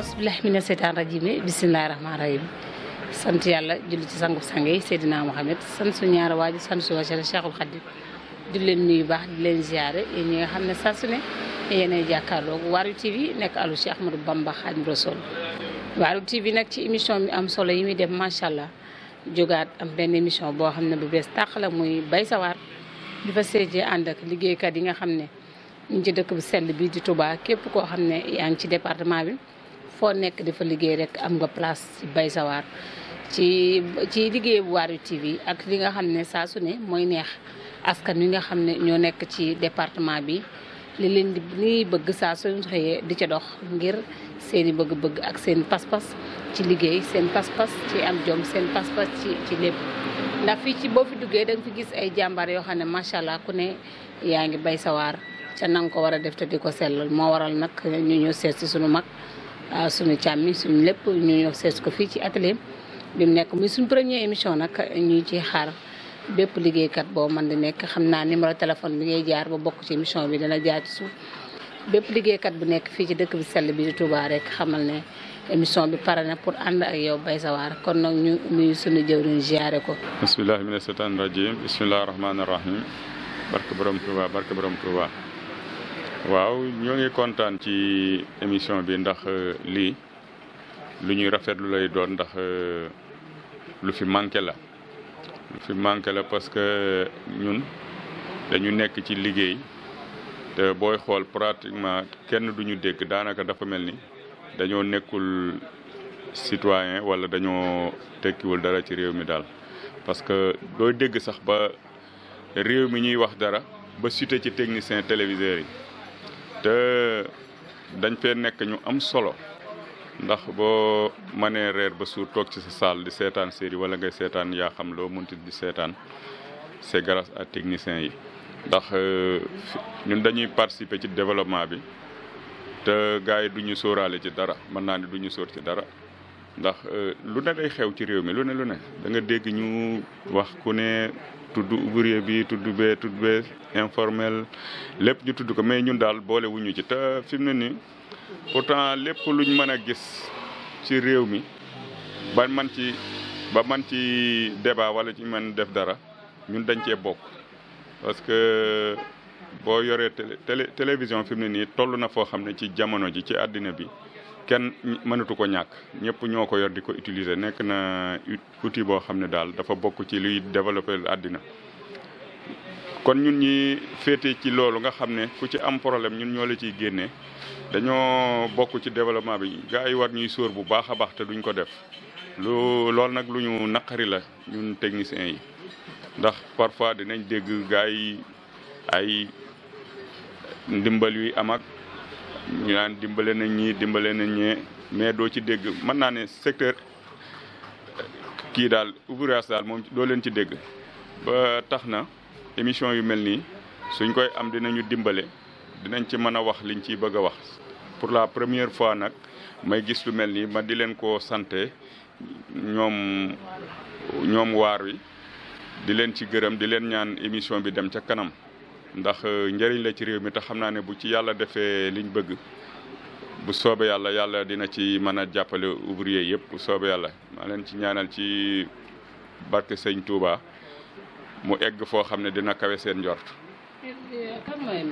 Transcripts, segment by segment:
aosbilahi mina seytaan rajim yi bisimilahi rahman rahim sant yàlla julli ci sangu sang yi Seydina Mohamed sant su ñaara waaji sant su wasila Cheikhul Khadim di leen baax di leen ziare ñi nga xam ne saa su ne yéenay jàkkaarloog Waarwi TV nekk alu Cheikh Ahmadou Bamba Khadim Rasoul Waarwi TV nag ci émission bi am solo yi muy def macha allah jógaat am benn émission boo xam ne bu bees tàq la muy bay sa waar di fa seejee ànd ak liggéeykat yi nga xam ne ñu ngi dëkk bu sell bi di Touba képp koo xam ne yaa ngi ci département bi foo nekk di fa liggéey rek am nga place ci bay sawaar ci ci liggéey bu Waarwi bi ak li nga xam ne saa su ne mooy neex askan wi nga xam ne ñoo nekk ci département bi li leen di li bëgg saa suñu xëyee di ca dox ngir seen i bëgg-bëgg ak seen pas-pas ci liggéey seen pas-pas ci am jom seen pas-pas ci ci lépp ndax fii ci boo fi duggee da fi gis ay jàmbaar yoo xam ne macha allah ku ne yaa ngi bay sawaar ca na ko war a def te di ko sellal moo waral nag ñu ñëw seet si suñu mag waaw ah, suñu càmmi suñu lépp ñu ñëw sees ko fii ci atelier bi mu nekk muy suñu première émission nag ñu ci xaar bépp liggéeykat boo mën di nekk xam naa numéro téléphone bi ngay jaar ba bokk ci émission bi dana jaar ci suuf bépp liggéeykat bu nekk fii ci dëkk bi sell bi di Touba rek xamal ne émission bi pare na pour ànd ak yow bay waar kon nag ñu nuyu suñu jëwriñ ziare ko bismillahi mina seytaani rajim bismillahi rahmaani rahim barke borom Touba barke borom Touba waaw ñoo ngi kontaan ci émission bi ndax euh, lii lu ñuy rafetlu lay doon ndax euh, lu fi manqué la lu manqué la parce que euh, ñun dañu nekk ci liggéey te booy xool pratiquement kenn duñu dégg daanaka dafa mel ni dañoo nekkul citoyen wala dañoo tekkiwul dara ci réew mi daal parce que dooy dégg sax ba réew mi ñuy wax dara ba cité ci technicien téléviseurs yi te dañ fee nekk ñu am solo ndax boo mënee reer ba suur toog ci sa salle di seetaan série wala ngay seetaan yaa xam loo munti di seetaan c'est grâce à techniciens yi ndax euh, ñun dañuy participer ci développement bi te gars yi du ñu sóoraale ci dara mën naa ne du ñu sóor ci dara ndax euh, lu ne day xew ci réew mi lu ne lu ne da nga dégg ñu wax ku ne tudd ouvrier bi tudd bee tudd bee informel lépp ñu tudd ko mais ñun daal boole wuñu ci te fi mu ne nii temps lépp luñ mën a gis ci réew mi ba man ci ba man ci débat wala ci man def dara ñun dañ cee bokk parce que boo yoree télé télévision fi mu ne nii toll na foo xam ne ci jamono ji ci àddina bi kenn mënatu ko ñàkk ñëpp ñoo ko yor di ko utiliser nekk na outil boo xam ne daal dafa bokk ci luy développer addina kon ñun ñi féete ci loolu nga xam ne ku ci am problème ñun ñoo la ciy génne dañoo bokk ci développement bi gars yi war ñuy sóor bu baax a baax te duñ ko def lu loolu nag lu ñu naqari la ñun techniciens yi ndax parfois dinañ dégg gars yi ay ndimbal yuy am ñu naan dimbale nañ ñii dimbale nañ mais doo ci dégg mën naa ne secteur kii daal ouvrage daal moom doo leen ci dégg ba tax na émission yu mel nii suñ koy am dinañu dimbale dinañ ci mën a wax liñ ciy bëgg a wax pour la première fois nag may gis lu mel nii ma di leen ko santé ñoom ñoom waar wi di leen ci gërëm di leen ñaan émission bi dem ca kanam ndax euh, njëriñ la ci réew mi te xam naa ne bu ci yàlla defee liñ bëgg bu soobee yàlla yàlla dina ci mën a jàppale ouvrier yëpp bu soobee yàlla maa leen ci ñaanal ci barke sëñ Touba mu egg foo xam ne dina kawe seen njort. kan mooy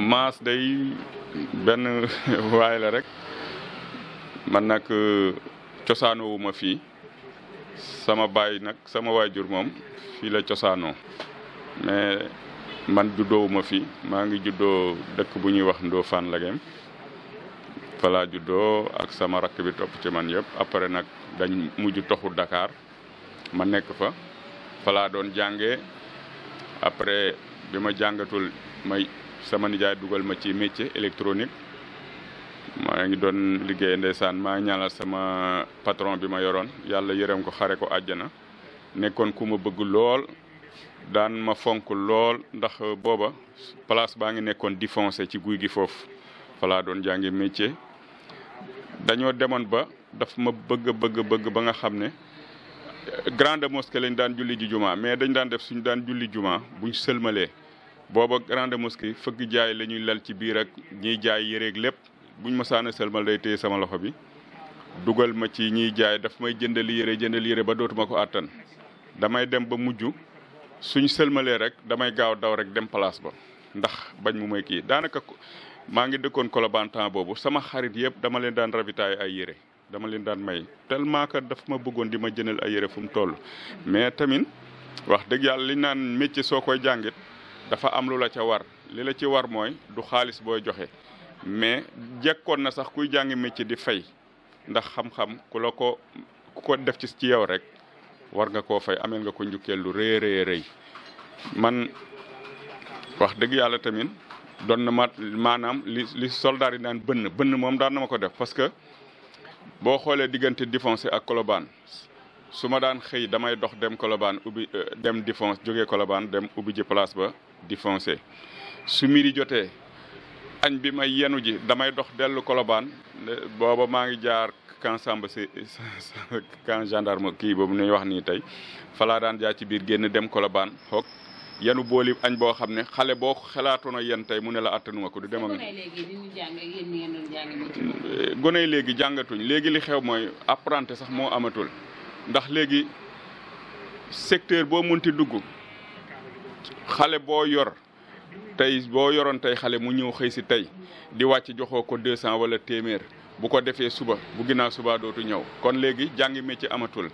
Mass. day benn waay la rek man nag euh, cosaanoowu ma fii sama baay nag sama waajur moom fii la cosaanoo. mais man juddoowuma fi maa ngi juddoo dëkk bu ñuy wax Ndofane Lagem fala juddoo ak sama rakk bi topp ci man yëpp après nag dañ mujj toxu dakaar ma nekk fa fala doon jàngee après bi ma jàngatul may sama nijaay dugal ma ci métier électronique maa ngi doon liggéey ndeysaan maa ñaanal sama patron bi ma yoroon yàlla yërëm ko xare ko àjjana nekkoon ku ma bëgg lool daan ma fonk lool ndax booba place baa ngi nekkoon di foncé ci guy gi foofu falaa doon jàngi métier dañoo demoon ba daf ma bëgg bëgg bëgg ba nga xam ne grande mosquée lañ daan julli ji jumaa mais dañ daan def suñu daan julli jumaa buñ sëlmalee booba grande mosquée fëgg jaay la ñuy lal ci biir ak ñiy jaay yéreek lépp buñ ma saana sëlmal day téye sama loxo bi dugal ma ci ñiy jaay daf may jëndali yére jëndali yére ba dootuma ko àttan damay dem ba mujj suñ sëlmalee rek damay gaaw daw rek dem place ba ndax bañ mu may kii daanaka maa ngi dëkkoon Colobane temps boobu sama xarit yëpp dama leen daan ravitaay ay yére dama leen daan may tellement que daf ma bëggoon di ma jënal ay yére fu mu toll. mais tamit wax dëgg yàlla liñ naan métier soo koy jàngit dafa am lu la ca war li la ci war mooy du xaalis booy joxe mais jekkoon na sax kuy jàngi métier di fay ndax xam-xam ku la ko ku ko def ci ci yow rek. war nga koo fay ameel nga ko njukkeel lu rëy rëy rëy man wax dëgg yàlla tamit doon na ma maanaam li li soldat yi bënn bënn moom daan na ma ko def parce que boo xoolee diggante Difoncé ak Colobane su ma daan xëy damay dox dem kolobaan ubbi euh, dem Difoncé jógee kolobaan dem ubbi ji place ba Difoncé su midi jotee añ bi ma yenu ji damay dox dellu Colobane booba maa ngi jaar camp Samba kan camp gendarme kii boobu ñuy wax nii tey falaa daan jaa ci biir génn dem Colobane xoog yanu booli añ boo xam ne xale boo xalaatoon yéen tey mu ne la attanuma ko du dem ak gone eh, léegi jàngatuñ léegi li xew mooy apprenti sax moo amatul ndax léegi secteur boo munti dugg xale boo yor tey boo yoroon tey xale mu ñëw xëy si tey di wàcc joxoo ko wala téeméer bu ko defee suba bu ginnaaw suba dootu ñëw kon léegi jàngi métier amatul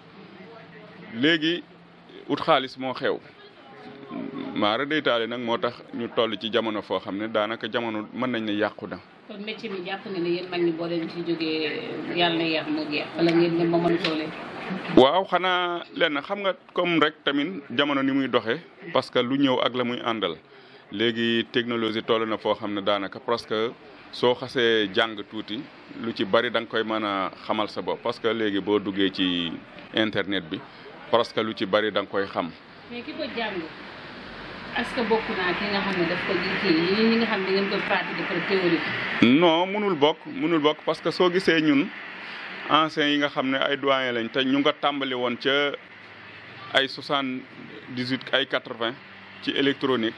léegi ut xaalis moo xew maara deytaale nag moo tax ñu toll ci jamono foo xam ne daanaka jamono mën nañ ne yàqu na. ma mën toole waaw xanaa lenn xam nga comme rek tamit jamono ni muy doxee parce que lu ñëw ak la muy àndal léegi technologie toll na foo xam ne daanaka presque. soo xasee jàng tuuti lu ci bari da nga koy mën a xamal sa bopp parce que léegi boo duggee ci internet bi parce lu ci bari da nga koy xam. mais mënul bokk mënul bokk parce que soo gisee ñun anciens yi nga xam ne ay doyen lañ te ñu nga tàmbali woon ca ay soixante-dix-huit ay quatre-vingt ci électronique.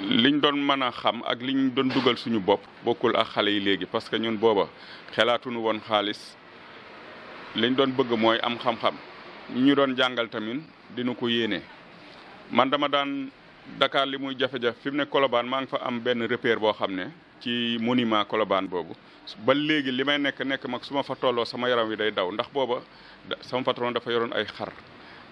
liñ doon mën a xam ak liñ doon dugal suñu bopp bokkul ak xale yi léegi parce que ñun booba xelaatuñu woon xaalis liñ doon bëgg mooy am xam-xam ñu doon jàngal tamit dina ko yéene man dama daan Dakar li muy jafe-jafe fi mu ne Colobane maa ngi fa am benn repère boo xam ne ci moniment Colobane boobu ba léegi li may nekk nekk mag su ma fa tolloo sama yaram wi day daw ndax booba sama patron dafa yoroon ay xar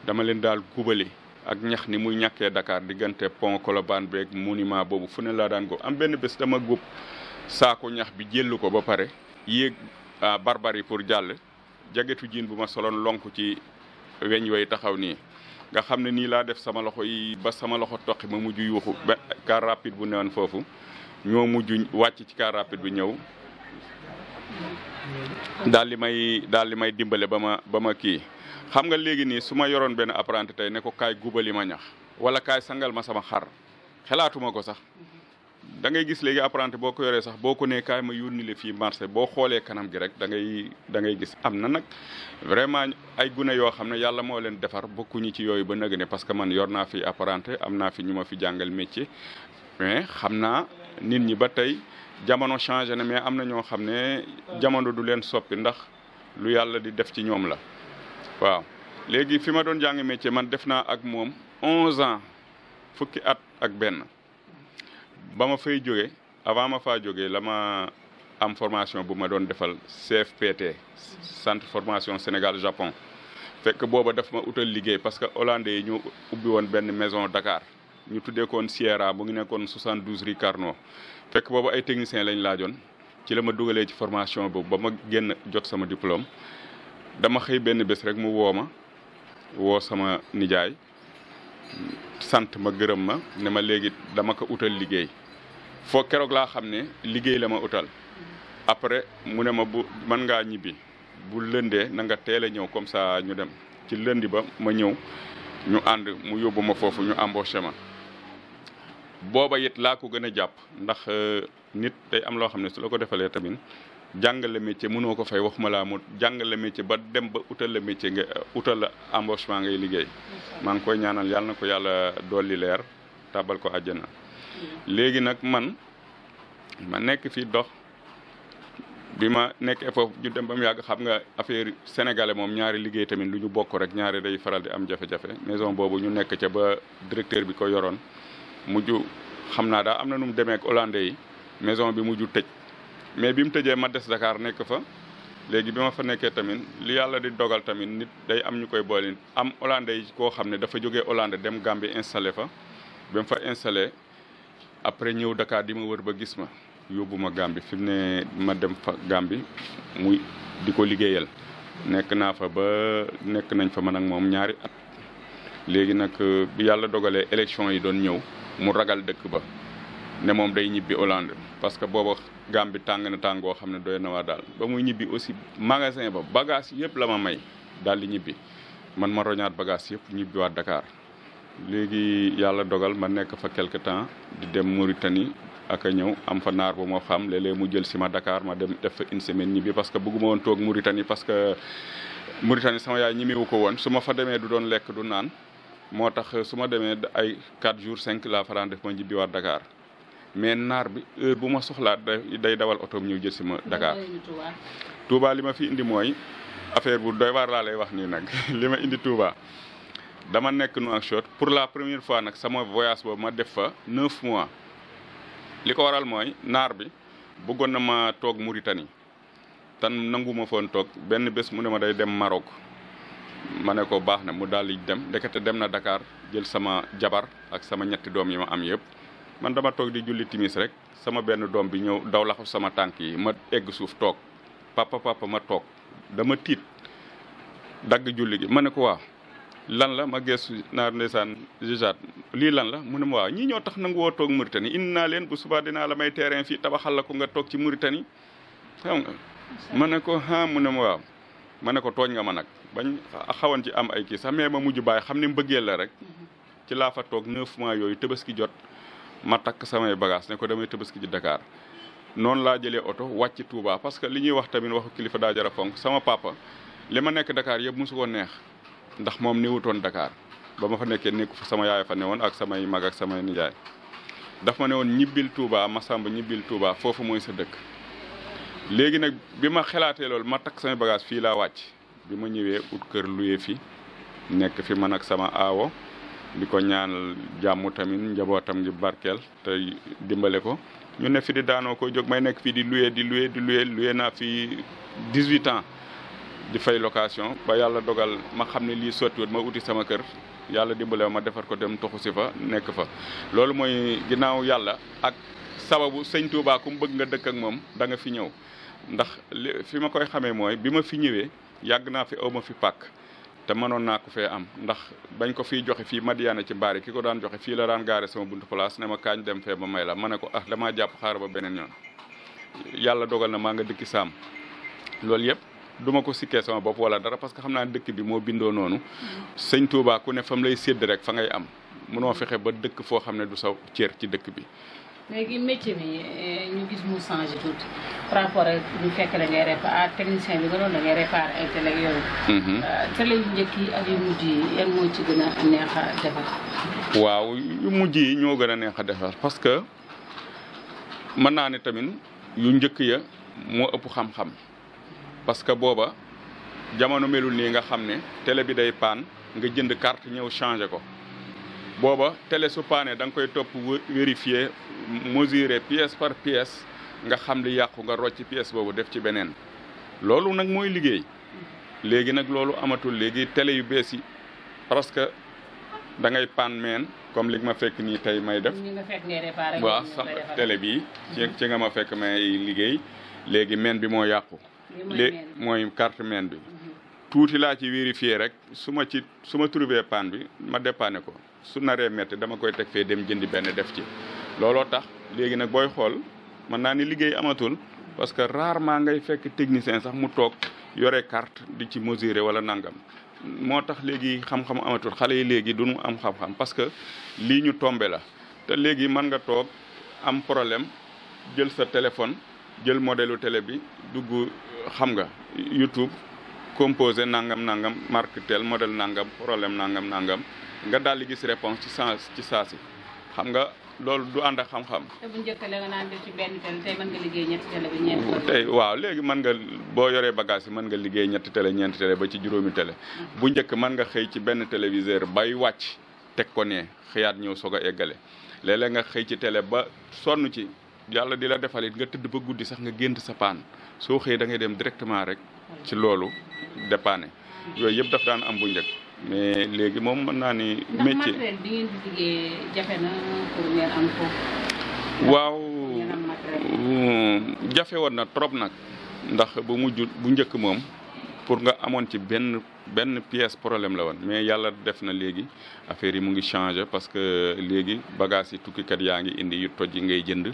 dama leen daal gubali ak ñax ni muy ñàkkee Dakar diggante pont Colobane beeg monument boobu fu ne laa daan góob am benn bés dama góob saako ñax bi jëllu ko ba pare yéeg barbari pour jàll jagetu jiin bu ma soloon lonk ci weñ way taxaw nii nga xam ne nii laa def sama loxo yi ba sama loxo toqi ma mujj yuuxu ba car rapide bu newoon foofu ñoo mujj wàcc ci car rapide bu ñëw daal di may daal di may dimbale ba ma ba ma kii xam nga léegi nii su ma yoroon benn apprenti tey ne ko kaay gubali ma ñax wala kaay sangal ma sama xar xelaatuma ko sax da ngay gis léegi apprenti boo ko yoree sax boo ko nee kaay ma yónni la fii marché boo xoolee kanam gi rek da ngay da ngay gis am na nag vraiment ay gune yoo xam ne yàlla moo leen defar bokkuñu ci yooyu ba nag ne parce que man yor naa fi apprenti am naa fi ñu ma fi jàngal métier mais xam naa nit ñi ba tey jamono changé na mais am na ñoo xam ne jamono du leen soppi ndax lu yàlla di def ci ñoom la waaw léegi fi ma doon jàng métier man def naa ak moom onze ans fukki at ak benn ba ma fay jóge avant ma fa jóge la ma am formation bu ma doon defal CFPT centre formation Sénégal Japon fekk booba daf ma utal liggéey parce que hollandais ñu ubbi woon benn maison Dakar ñu tuddee koon Sierra bu ngi nekkoon 72 rue Carnot fekk booba ay technicien lañ laajoon ci la ma dugalee ci formation boobu ba ma génn jot sama diplôme dama xëy benn bés rek mu woo ma woo sama nijaay sant ma gërëm ma ne ma léegi dama ko utal liggéey foo keroog laa xam ne liggéey la ma utal après mu ne ma bu man ngaa ñibbi bu lëndee nanga nga teel a ñëw comme ça ñu dem ci lëndi ba ma ñëw ñu ànd mu yóbbu ma foofu ñu embauché ma booba it laa ko gën a jàpp ndax euh, nit day am loo xam ne su la ko defalee tamit jàngale métier mënoo ko fay wax ma mu jàngale métier ba dem ba utal la nga utal la embauchement ngay liggéey maa ngi koy ñaanal yàlla na ko yàlla dolli leer tàbbal ko àjjana léegi nag man ma nekk fii dox bi ma nekkee foofu ñu dem ba mu yàgg xam nga affaire sénégalais moom ñaari liggéey tamit lu ñu bokk rek ñaari day faral di am jafe-jafe maison boobu ñu nekk ca ba directeur bi ko yoroon mujj xam naa daal am na nu mu demee ak hollandais yi maison bi mujj tëj mais bi mu tëjee ma des Dakar nekk fa léegi bi ma fa nekkee tamit li yàlla di dogal tamit nit day am ñu koy boole am hollandais yi koo xam ne dafa jóge Hollande dem Gambie installé fa ba mu fa installé après ñëw Dakar di ma wër ba gis ma yóbbu ma Gambie fi mu ne ma dem fa Gambie muy di ko liggéeyal nekk naa fa ba nekk nañ fa ma nag moom ñaari at léegi nag bi yàlla dogalee élection yi doon ñëw mu ragal dëkk ba ne moom day ñibbi Hollande parce que booba gam bi tàng na tàngoo xam ne doy na waa daal ba muy ñibbi aussi magasin ba bagage yëpp la ma may daal di ñibbi man ma roñaat bagage yëpp ñibbi waa dakaar léegi yàlla dogal ma nekk fa quelque temps di dem Mauritanie ak a ñëw am fa naar bu moo xam léeg-léeg mu jël si ma dakaar ma dem def fa une semaine ñibbi parce que bëgguma woon toog muritani parce que Mauritanie sama yaay ñimewu ko woon su ma fa demee du doon lekk du naan moo tax su demee ay 4 jours 5 laa fa daan def ma mais naar bi bu ma soxlaat day dawal otoom ñëw jël si ma Dakar Touba li ma fi indi mooy affaire bu doy waar laa lay wax nii nag li ma indi Touba dama nekk Nouakchott pour la première fois nag sama voyage boobu ma def fa neuf mois li ko waral mooy naar bi bëggoon na ma toog mu Mauritanie tan nanguma foon toog benn bés mu ne ma day dem Maroc ma ne ko baax na mu daal di dem ndekete dem na dakaar jël sama jabar ak sama ñetti doom yi ma am yëpp man dama toog di julli timis rek sama benn doom bi ñëw daw laxu sama tànk yi ma egg suuf toog papa papa ma toog dama tiit dagg julli gi ma ne ko waaw lan la ma geesu naar ndeysaan jijaat lii lan la mu ne ma waaw ñii ñoo tax nangu woo toog Mauritanie indi naa leen bu subaa dinaa la may terrain fii tabaxal la ko nga toog ci Mauritanie xam nga ma ne ko ah mu ne ma ma ne ko tooñ nga ma nag bañ xawoon ci am ay kii sax mais ma mujj baay xam ne mbëggeel la rek mm-hmm. ci laa fa toog neuf mois yooyu tabaski jot ma takk samay bagage ne ko damay tabaski ji Dakar noonu laa jëlee oto wàcc Touba parce que li ñuy wax tamit waxu kilifa daa jara fonk sama papa li ma nekk Dakar yëpp mosu ko neex ndax moom ni wutoon Dakar ba ma fa nekkee nekku fa sama yaay fa ne woon ak samay mag ak samay nijaay daf ma ne woon ñibbil Touba Massamba ñibbil Touba foofu mooy sa dëkk léegi nag bi ma xalaatee loolu ma takk samay bagage fii laa wàcc bi ma ñëwee ut kër luyee fi nekk fi man ak sama aawo di ko ñaanal jàmm tamit njabootam gi barkeel te dimbale ko ñu ne fi di daanoo ko jóg may nekk fii di loué di loué di loué loué naa fi 18 ans di fay location ba yàlla dogal ma xam ne lii sottiwut ma uti sama kër yàlla dimbale ma defar ko dem toxu si fa nekk fa loolu mooy ginnaaw yàlla ak sababu sëñ Touba ku bëgg nga dëkk ak moom da nga fi ñëw ndax li fi ma koy xamee mooy bi ma fi ñëwee yàgg naa fi aw ma fi pàkk te mënoon naa ko fee am ndax bañ ko fii joxe fii Madiana ci mbaari ki ko daan joxe fii la daan gaare sama buntu place ne ma kaañ dem fee ba may la ma ne ko ah damaa jàpp xaar ba beneen ñoon yàlla dogal na maa nga dëkki saam loolu yëpp duma ko sikkee sama bopp wala dara parce que xam naa dëkk bi moo bindoo noonu sëñ Touba ku ne fam lay sedd rek fa ngay am mënoo fexe ba dëkk foo xam ne du sa cër ci dëkk bi léegi métier bi eh, ñu gis mu changé tuuti par rapport ak ñu fekk la nga doon da ngay réparé ah, yooyu. Mm-hmm. Ah, télé yu njëkk yi ak yu mujj yi ñoo gën a neex a defar parce que mën naa ne tamit yu njëkk ya moo ëpp xam-xam parce que booba jamono melul nii nga xam ne télé bi day paan nga jënd carte ñëw changé ko. booba télé su paane da nga koy topp vérifier mesurer pièce par pièce nga xam li yàqu nga rocc pièce boobu def ci beneen loolu nag mooy liggéey léegi nag loolu amatul léegi télé yu bees yi parce que da ngay pan meen comme li ma fekk nii tey may def waaw sax télé bi ci ci nga ma fekk may liggéey léegi meen bi moo yàqu lé mooy carte meen bi mhm. tuuti laa ci vérifier rek su ma ci su ma trouver panne bi ma dépanne ko su naree metti dama koy teg fee dem jëndi benn def ci looloo tax léegi nag booy xool mën naa ni liggéey amatul parce que rarement ngay fekk technicien sax mu toog yore carte di ci mesurer wala nangam moo tax léegi xam-xam amatul xale yi léegi du ñu am xam-xam parce que lii ñu tombe la te léegi mën nga toog am problème jël sa téléphone jël modèle télé bi dugg xam nga YouTube composé nangam nangam marque tel modèle nangam problème nangam nangam nga daal di gis réponse ci sens ci saa si xam nga loolu du ànd ak xam-xam. te bu njëkk la nga naan def ci nga liggéey ñetti télé ba ñeenti waaw léegi mën nga boo yoree bagage yi mën liggéey ñetti télé ñeenti télé ba ci juróomi tele mm-hmm. bu njëkk mën nga xëy ci benn téléviseur bay wàcc teg ko ne xëyaat ñëw soog a eggale léeg nga xëy ci télé ba sonn ci yàlla di la defal nga tëdd ba guddi sax nga gént sa paan soo xëyee da dem directement rek ci loolu dépanner yooyu yëpp daf daan am bu njëkk mais léegi moom mën naa ni métier waaw hmm, jafewoon na trop nag ndax bu mujj bu njëkk moom pour nga amoon ci benn benn pièce problème la woon mais yàlla def na léegi affaire yi mu ngi changé parce que léegi bagages yi tukkikat yaa ngi indi yu toj yi ngay jënd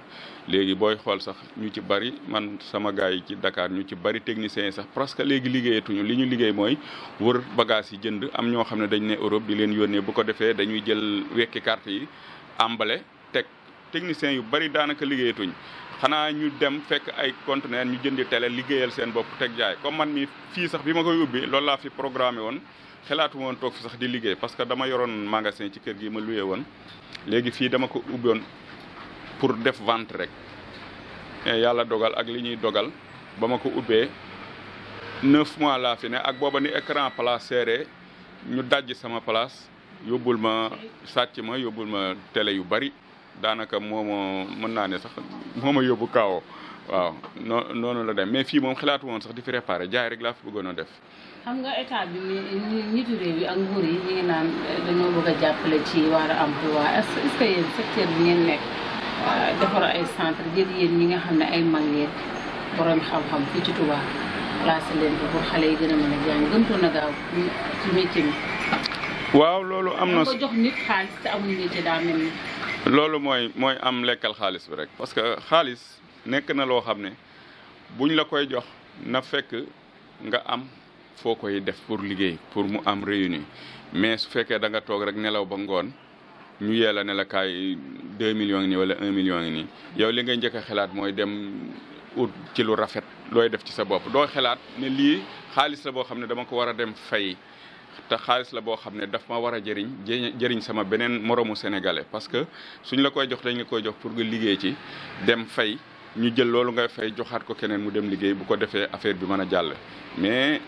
léegi booy xool sax ñu ci bari man sama gars yi ci Dakar ñu ci bari techniciens yi sax que léegi liggéeyatuñu li ñu liggéey mooy wër bagages yi jënd am ñoo xam ne dañ ne Europe di leen yónnee bu ko defee dañuy jël wekki carte yi emballé teg techniciens yu bari daanaka liggéeyatuñ xanaa ñu dem fekk ay conteneur ñu jëndi télé liggéeyal seen bopp teg jaay comme man mi fii sax bi ma koy ubbi loolu laa fi programmé woon xalaatu woon toog fi sax di liggéey parce que dama yoroon magasin ci kër gi ma luye woon léegi fii dama ko ubbi pour def vente rek yàlla dogal ak li ñuy dogal ba ma ko ubbee neuf mois laa fi ne ak booba ni écran place serré ñu dajj sama place yóbbul ma sàcc ma yóbbul ma tele yu bari daanaka moo mën naa ne sax moo ma yóbbu kaawoo waaw noo noonu la dem mais fii moom xalaatu woon sax di fi réparé jaay rek laa fi bëggoon a def. xam nga état bi nii ngi eh, euh, nga xam ne ay mag yéen borom xam-xam fii ci Touba placé leen ko xale yi gën a mën a jàng gëntoon a ci am nit xaalis te amuñu loolu mooy mooy am lekkal xaalis bi rek parce que xaalis nekk na loo xam ne buñ la koy jox na fekk nga am foo koy def pour liggéey pour mu am réuni mais su fekkee da nga toog rek nelaw ba ngoon ñu yee la ne la kaay deux millions ngi nii wala un million nii yow li ngay njëkk a xalaat mooy dem ut ci lu rafet looy def ci sa bopp doo xalaat ne lii xaalis la boo xam ne dama ko war a dem fay te xaalis la boo xam ne daf ma war a jëriñ jëriñ sama beneen moroomu sénégalais parce que suñ la koy jox dañ la koy jox pour nga liggéey ci dem fay ñu jël loolu ngay fay joxaat ko keneen mu dem liggéey bu ko defee affaire bi mën a jàll mais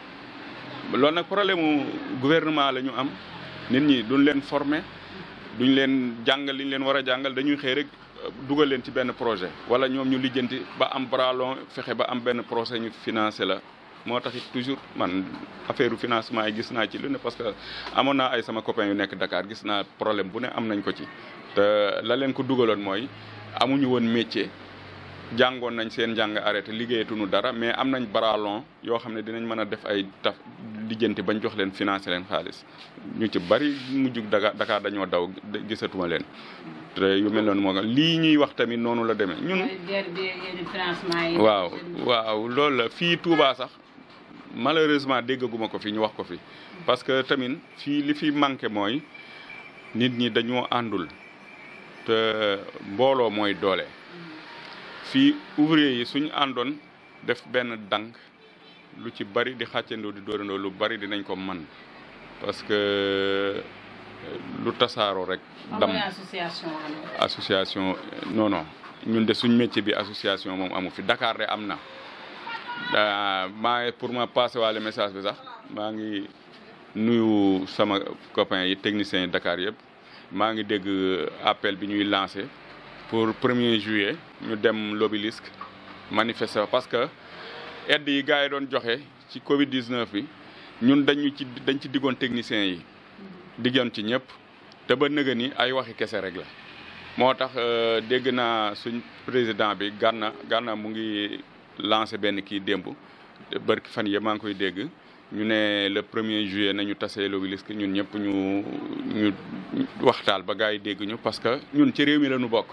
loolu nag problème mu gouvernement la ñu am nit ñi duñ leen former duñ leen jàngal li ñu leen war a jàngal dañuy xëy rek euh, dugal leen ci benn projet wala ñoom ñu lijjanti ba am bralon fexe ba am benn projet ñu financé la moo tax it toujours man affaire financement yi gis naa ci lu ne parce que amoon naa ay sama copains yu nekk dakaar gis naa problème bu ne am nañ ko ci la leen ko dugaloon mooy amuñu woon métier jàngoon nañ seen njàng arrêté liggéeyatuñu dara mais am nañ baralon yoo xam ne dinañ mën a def ay taf lijjanti bañ jox leen financé leen xaalis ñu ci bari mujjug Dakar Dakar dañoo daw gisatuma leen te yu mel noonu moo lii ñuy wax tamit noonu la demee ñun waaw waaw la fii Touba sax malheureusement déggaguma ko fi ñu wax ko fi parce que tamit fii li fi manqué mooy nit ñi dañoo àndul te mbooloo mooy doole fii ouvrier yi suñu àndoon def benn dànk lu ci bari di xàccandoo di dóorandoo lu bari dinañ ko man parce que euh, lu tasaaroo rek. Ah dam association association non ñun de suñ métier bi association moom amu fi dakaar de am na. Euh, maa ngi pour ma passer waale message bi sax maa ngi nuyu sama copain yi techniciens yi Dakar yëpp maa ngi dégg appel bi ñuy lancé pour premier juillet ñu dem l'obélisque manifester parce que aide yi gars yi doon joxe ci Covid 19 bi ñun dañu ci dañ ci diggoon techniciens yi diggoon ci ñëpp te ba nëga ni ay waxi kese rek la moo tax euh, dégg naa suñ président bi Gana Gana mu ngi lancé benn kii démb barki fan yee maa ngi koy dégg ñu ne le premier juillet nañu tasee l'obélisque ñun ñëpp ñu ñu waxtaal ba gars yi dégg ñu parce que ñun ci réew mi la ñu bokk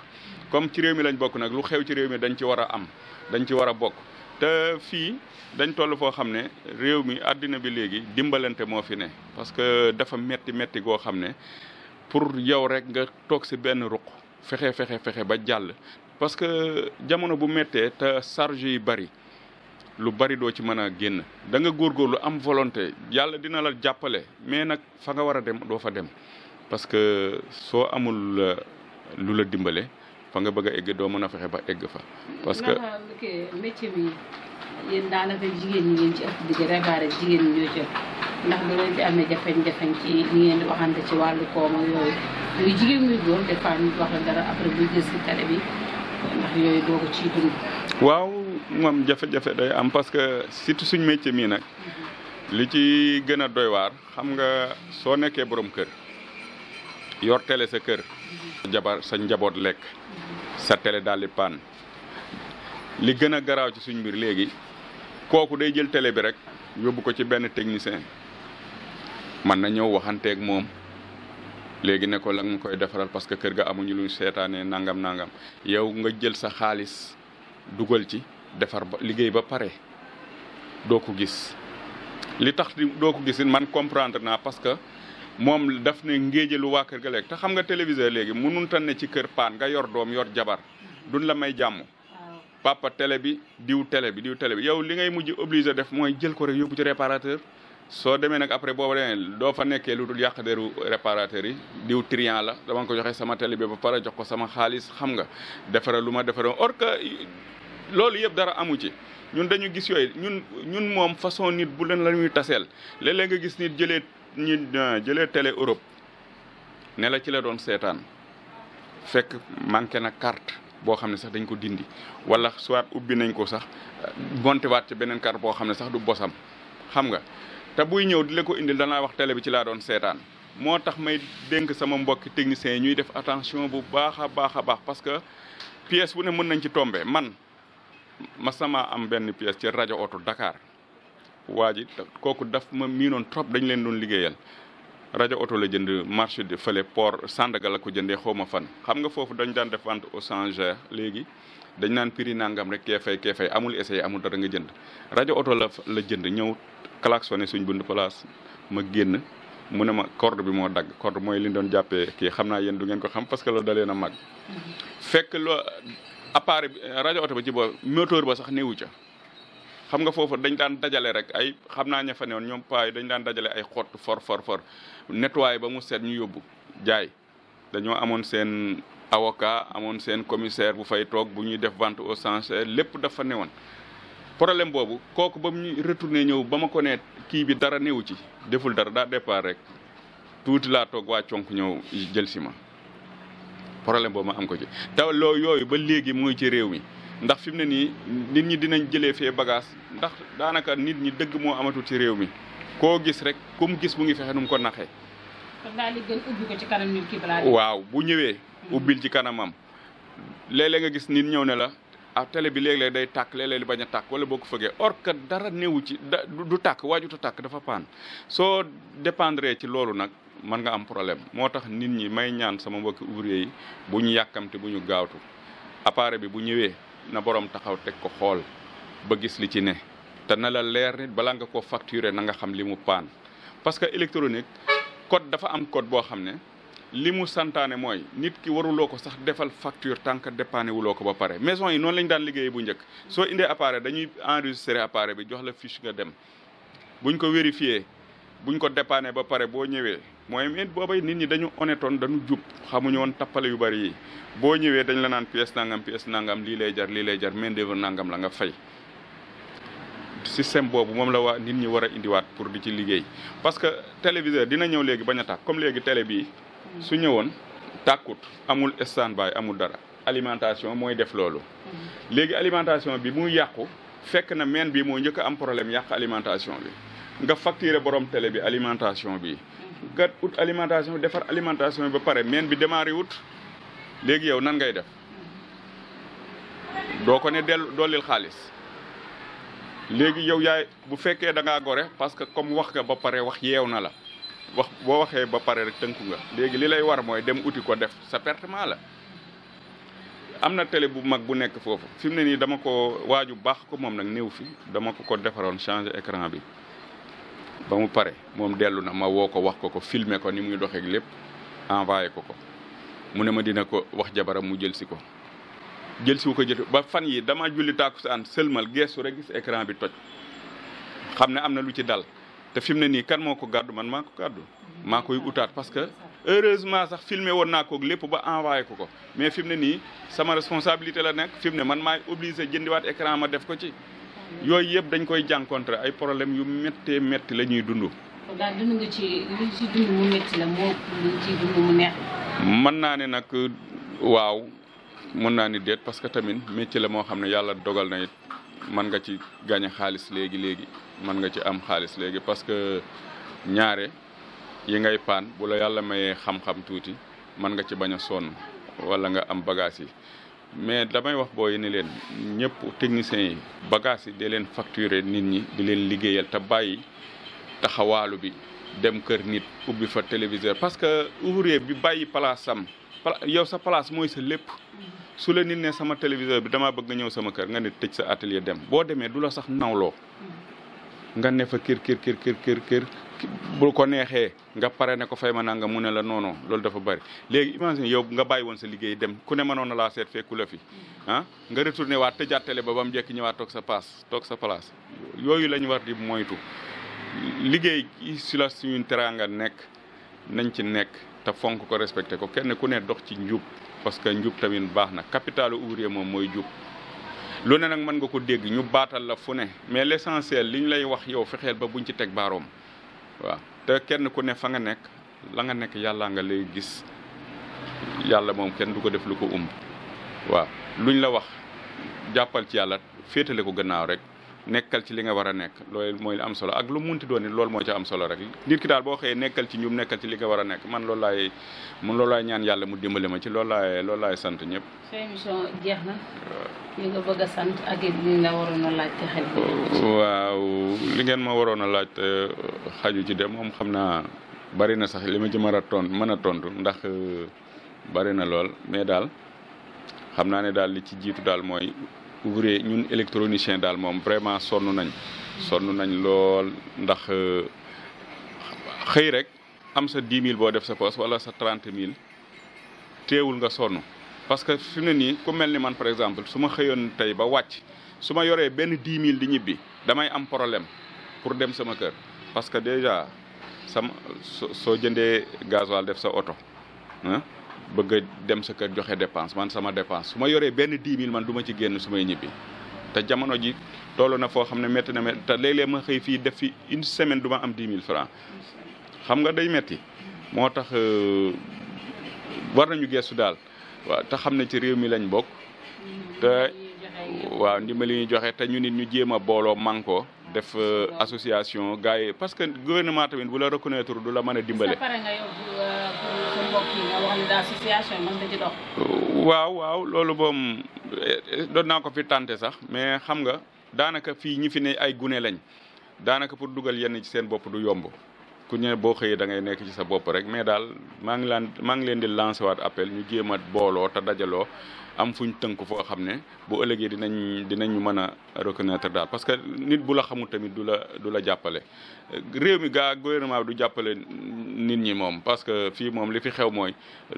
comme ci réew mi lañ bokk nag lu xew ci réew mi dañ ci war a am dañ ci war a bokk te fii dañ toll foo xam ne réew mi àddina bi léegi dimbalante moo fi ne parce que dafa metti metti goo xam ne pour yow rek nga toog si benn ruq fexe fexe fexe ba jàll parce que jamono bu méttee te charge yi bari lu bari doo ci mën a génn da nga góorgóorlu am volonté yàlla dina la jàppale mais nag fa nga war a dem doo fa dem parce que soo amul euh, lu la dimbale fa nga bëgg a doo mën a fexe ba egg fa. que ndax da ngeen ci ñi ngeen di waxante ci wàllu koom yooyu muy jigéen muy góor des fois ñu wax la dara après muy gis ci télé bi. waaw moom jafe-jafe day am parce que surtout suñ métier mii nag. li ci gën a doy xam nga soo nekkee boroom kër yor tele sa kër. jabar sa njaboot lekk. sa télé daal di paan li gën a garaaw ci suñ mbir léegi kooku day jël tele bi rek yóbbu ko ci benn technicien mën na ñëw waxanteek moom. léegi ne ko la nga koy defaral parce que kër ga amuñu lu ñu seetaanee nangam nangam yow nga jël sa xaalis dugal ci defar ba liggéey ba pare doo ko gis. li tax doo ko gis man comprendre na parce que moom daf ne ngéejalu waa kër ga léegi te xam nga téléviseur léegi mënunta ne ci kër paan nga yor doom yor jabar duñ la may jàmm. papa télé bi diw télé bi diw télé bi yow li ngay mujj obligé def mooy jël ko rek yóbbu ci réparateur. soo demee nag après booba demee doo fa nekkee lu dul yàq deru réparateur yi diw triant la dama ko joxe sama télé bi ba pare jox ko sama xaalis xam nga defara lu ma defara or que loolu yëpp dara amu ci ñun dañu gis yooyu ñun ñun moom façon nit bu leen la ñuy taseel léeg-léeg gis nit jëlee nit jëlee télé Europe ne la ci la doon seetaan fekk manqué na carte boo xam ne sax dañ ko dindi wala soit ubbi nañ ko sax bontewaat ci beneen carte boo xam ne sax du bosam xam nga te buy ñëw di la ko indil danaa wax télé bi ci laa doon seetaan moo tax may dénk sama mbokki techniciens ñuy def attention bu baax a baax a baax parce que pièce bu ne mën nañ ci tombe man ma sama am benn pièce ci rajo oto Dakar waa ji kooku daf ma miinoon trop dañ leen doon liggéeyal rajo oto la jënd marché de fële port Sandaga la ko jëndee xaw ma fan xam nga foofu dañ daan def vente au changer léegi dañ naan prix nangam rek kee fay kee fay amul essayé amul dara nga jënd rajo oto la la jënd ñëw klaxonné suñ buntu place ma génn mu ne ma corde bi moo dagg corde mooy li ñu doon jàppee kii xam naa yéen du ngeen ko xam parce que loolu da fekk loo appareil bi ba ci boobu moteur ba sax newu ca xam nga foofu dañ daan dajale rek ay xam naa ña fa newoon ñoom paa dañ daan dajale ay xott for for for nettoyé ba mu seet ñu yóbbu jaay dañoo amoon seen avocat amoon seen commissaire bu fay toog bu ñuy def vente au sens lépp dafa newoon problème boobu kooku ba mu ñu retourné ñëw ba ma ko ne kii bi dara néewu ci deful dara daa départ rek tuuti laa toog waa conk ñëw jël si ma problème boobu ma am ko ci taw loo yooyu ba léegi mu ngi ci réew mi ndax fi mu ne nii nit ñi dinañ jëlee fee bagage ndax daanaka nit ñi dëgg moo amatul ci réew mi koo gis rek ku gis mu ngi fexe nu ko naxe waaw bu ñëwee. ubbil ci kanamam léeg nga gis nit ñëw ne la. ah télé bi léeg-léeg day tàkk léeg-léeg bañ a tàkk wala boo ko fëgee or que dara néewu ci da du tàkk waajuta tàkk dafa paan soo dépendre ci loolu nag mën nga am problème moo tax nit ñi may ñaan sama mbokki ouvrier yi bu ñu yàkkamte bu ñu gaawtu appareil bi bu ñëwee na borom taxaw teg ko xool ba gis li ci ne te na la leer nit balaa nga ko facturer na nga xam li mu paan parce que électronique code dafa am code boo xam ne li mu santaane mooy nit ki waruloo ko sax defal facture tant que dépanné wuloo ko ba pare maison yi noonu lañ daan liggéey bu njëkk soo indee appareil dañuy enregistré appareil bi jox la fiche nga dem buñ ko vérifié buñ ko dépanné ba pare boo ñëwee mooy it boobay nit ñi dañu honnêtoon dañu jub xamuñu woon tappale yu bari yi boo ñëwee dañ la naan pièce nangam pièce nangam lii lay jar lii lay jar main d'œuvre nangam la nga fay système boobu moom la waa nit ñi war a indiwaat pour di ci liggéey parce que téléviseur dina ñëw léegi bañ a tax léegi télé bii su ñëwoon tàkkut amul standby amul dara alimentation mooy def loolu mm-hmm. léegi alimentation bi muy yàqu fekk na meen bi moo njëkk a am problème yàq alimentation bi nga facturé borom télé bi alimentation bi mm-hmm. nga ut alimentation bi defar alimentation bi ba pare meen bi démarré wut léegi yow nan ngay def mm-hmm. doo ko ne dellu dollil xaalis léegi yow yaay bu fekkee da ngaa gore parce que comme wax nga ba pare wax yeew na la wax boo waxee ba pare rek tënku nga léegi li lay war mooy dem uti ko def sa pertement la am na télé bu mag bu nekk foofu fi mu ne nii dama ko waaju baax ko moom nag néew fi dama ko ko defaroon changer écran bi ba mu pare moom dellu na ma woo ko wax ko ko filmer ko ni muy doxeek lépp envoyé ko ko mu ne ma dina ko wax jabaram mu jël si ko jël si wu ko jël ba fan yi dama julli tàkkusaan sëlmal geesu rek gis écran bi toj xam ne am na lu ci dal te fi mu ne nii kan moo ko gàddu man maa ko gàddu maa koy utaat parce que heureusement sax filmé woon naa ko lépp ba envoyé ko ko mais fi mu ne nii sama responsabilité la nekk fi ne man maay obligé jëndiwaat écran ma def ko ci yooyu yëpp dañ koy jànkontre ay problème yu méttee métti la ñuy dund mu métti la moo mën naa ne nag waaw mën naa ni déet parce que tamit métti la moo xam ne yàlla dogal na it mën nga ci gagné xaalis léegi léegi mën nga ci am xaalis léegi parce que ñaare yi ngay paan bu la yàlla mayee xam-xam tuuti mën nga ci bañ a sonn wala nga am bagage yi mais damay wax booy ni leen ñëpp techniciens yi bagage yi de leen facturer nit ñi di leen liggéeyal te bàyyi taxawaalu bi dem kër nit ubbi fa téléviseur parce que ouvrier bi bàyyi place am yow sa place mooy sa lépp su la nit ne sama téléviseur bi damaa bëgg nga ñëw sama kër nga ne tëj sa atelier dem boo demee du la sax nawloo nga ne fa kiir kiir kër kër kër kër bu ko neexee nga pare ne ko fay ma nanga mu ne la non loolu dafa bari léegi imagine yow nga bàyyi woon sa liggéey dem ku ne mënoon na laa seet ku la fi mm-hmm. ah nga retourné waat tëjaat télé ba ba mu ñëwaat toog sa paas toog sa place yooyu la ñu war di moytu liggéey si la suñu teraanga nekk nañ ci nekk te fonk ko respecté ko kenn ku ne dox ci njub parce que njub tamit baax na capitalu ouvrier moom mooy njub lu ne nag mën nga ko dégg ñu baatal la fu ne mais l'essentiel li ñu lay wax yow fexeel ba buñ ci teg baaroom waaw te kenn ku ne fa nga nekk la nga nekk yàlla nga lay gis yàlla moom kenn du ko def lu ko umb waaw luñ la wax jàppal ci yàlla féetale ko gannaaw rek nekkal ci li nga war a nekk loolu mooy am solo ak lu munti doon it loolu moo ci am solo rek nit ki daal boo xëyee nekkal ci ñum nekkal ci li nga war a nekk man loolu laay man loolu ñaan yàlla mu dimbali ma ci loolu laay sant ñëpp. laaj te ngeen ma waroon a laaj te xaju ci de moom xam naa bari na sax li ma ci mën a tontu mën a tontu ndax bari na lool mais daal xam naa ne daal li ci jiitu daal mooy. ouvrier ñun électronicien daal moom vraiment sonn nañ sonn nañ lool ndax euh, xëy rek am sa 10 mille boo def sa poste wala sa 30 mille teewul nga sonn parce que su ne nii ku mel ni man par exemple suma xëyoon tey ba wàcc su ma yoree benn 10 mille di ñibbi damay am problème pour dem sama kër parce que déjà sama soo jëndee gasoil def sa oto bëgg dem sa kër joxe dépense man sama dépense su ma yoree benn dix mille man duma ci génn su may ñibbi te jamono ji toll na foo xam ne métti na métti te léeg ma xëy fii def fi une semaine du ma am dix xam nga day métti moo tax euh, war nañu gestu daal waaw te xam ne ci réew mi lañ bokk te waaw ndimbali ñuy joxe te ñu nit ñu jéem a booloo manko def euh, association gars yi parce que gouvernement tamit bu la reconnaître du la mën a dimbale bopp yi waaw waaw loolu moom doon naa ko fi tànte sax mais xam nga daanaka fii ñi fi ne ay gune lañ daanaka pour dugal yenn ci seen bopp du yomb. ku ñëwee boo xëyee da ngay nekk ci sa bopp rek mais daal maa ngi laan maa ngi leen di lancer waat appel ñu jéem booloo te dajaloo am fu fuñ tënk foo xam ne bu ëllëgee dinañ dinañ mën a reconnaître daal parce que nit bu la xamul tamit du la du la jàppale. réew mi gaa gouvernement du jàppale nit ñi moom parce que fii moom li fi xew mooy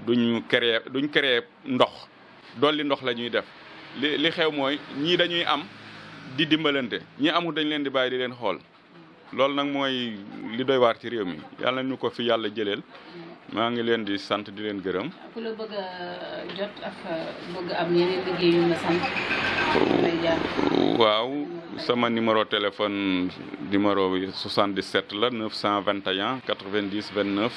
duñu créer duñ créer ndox li ndox la ñuy def li xew mooy ñii dañuy am di dimbalante ñi amul dañ leen di bàyyi di leen xool. loolu nag mooy li doy waar ci réew mi yàlla ñu ko fi yàlla jëleel maa ngi leen di sant di leen gërëm. ku la bëgg a jot ak bëgg am yeneen liggéey yu ma sant. waaw sama numéro téléphone numéro bi 77 la 921 90 29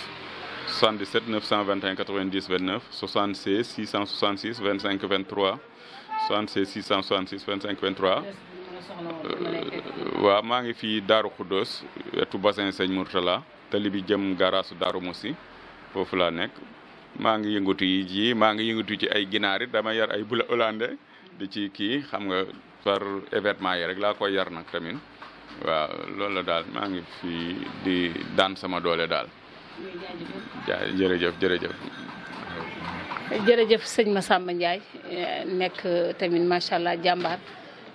77 921 90 29 76 666 25 23 76 666 25 23. Euh, waaw maa ngi fii Daaru Xuddoos wetu bassin Sëñ Mourtala tali libi jëm garasu Daaru Moussi foofu laa nekk maa ngi yëngatu yi maa ngi yëngatu ci ay ginaarit dama yar ay bula hollandais di ci kii xam nga par évétement yi rek laa koy yar nag tamit waaw loolu la daal maa ngi fii di daan sama doole daal jërëjëf jërëjëf jërëjëf sëñ Massamba Ndiaye nekk tamit macha allah jàmbaar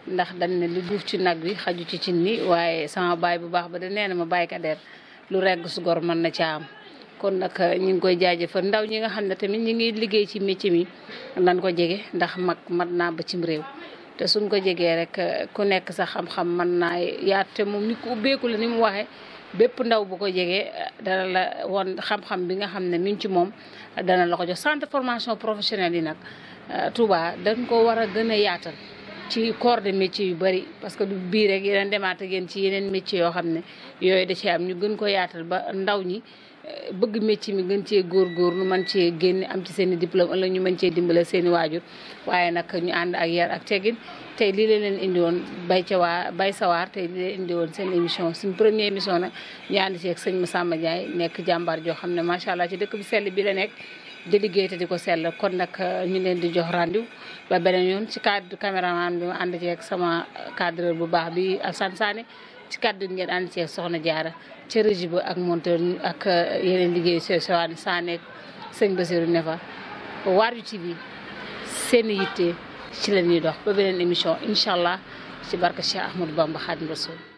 ndax dañ ne lu duuf ci nag bi xaju ci cin ni waaye sama baay bu baax ba da nee na ma bàyyi ka der lu regg su mën na caa am kon nag uh, ñu ngi koy jaajëfal ndaw ñi nga xam ne tamit ñu ngi liggéey ci métier mi nañ ko jege ndax mag mat naa ba cim réew te suñ ko jegee rek uh, ku nekk sa xam-xam mën naa yaat te moom ni ku ubbeeku la ni mu waxee bépp ndaw bu ko jegee uh, dana la won xam-xam bi nga xam ne mi ngi ci moom dana la ko jox centre formation professionnelle yi nag Touba dañ ko war a gën a yaatal ci corde de yu bëri parce que du bii rek yeneen demaat ak ci yeneen métier yoo xam ne yooyu da ci am ñu gën ko yaatal ba ndaw ñi eh, bëgg métier mi gën cee góorgóorlu mën cee génn am ci seen i diplôme ëllëg ñu mën cee dimbale seen i waajur waaye nag ñu ànd ak yar ak teggin tey lii leen leen indi woon bay ca bay sawaar tey lii indi woon seen émission suñ première émission nag ñu ànd ci ak sëñ Massamba Ndiaye nekk jàmbaar joo xam ne macha allah ci dëkk bi sell bi la nekk di liggéey te di ko sell kon nag euh, ñu leen di jox rendez-vous ba beneen yoon ci cadre caméraman bi ma ànd ceeg sama cadreur bu baax bi Alsane Sané ci cadre ngeen ànd ceeg Soxna Jaara ci régie ba ak monteur ak euh, yeneen liggéey so sowaan Sané ba Basiru Nefa Waarwi bi seen yitte ci la ñuy dox ba beneen émission incha allah ci barke Cheikh Ahmadou Bamba Xaadimu Rasuul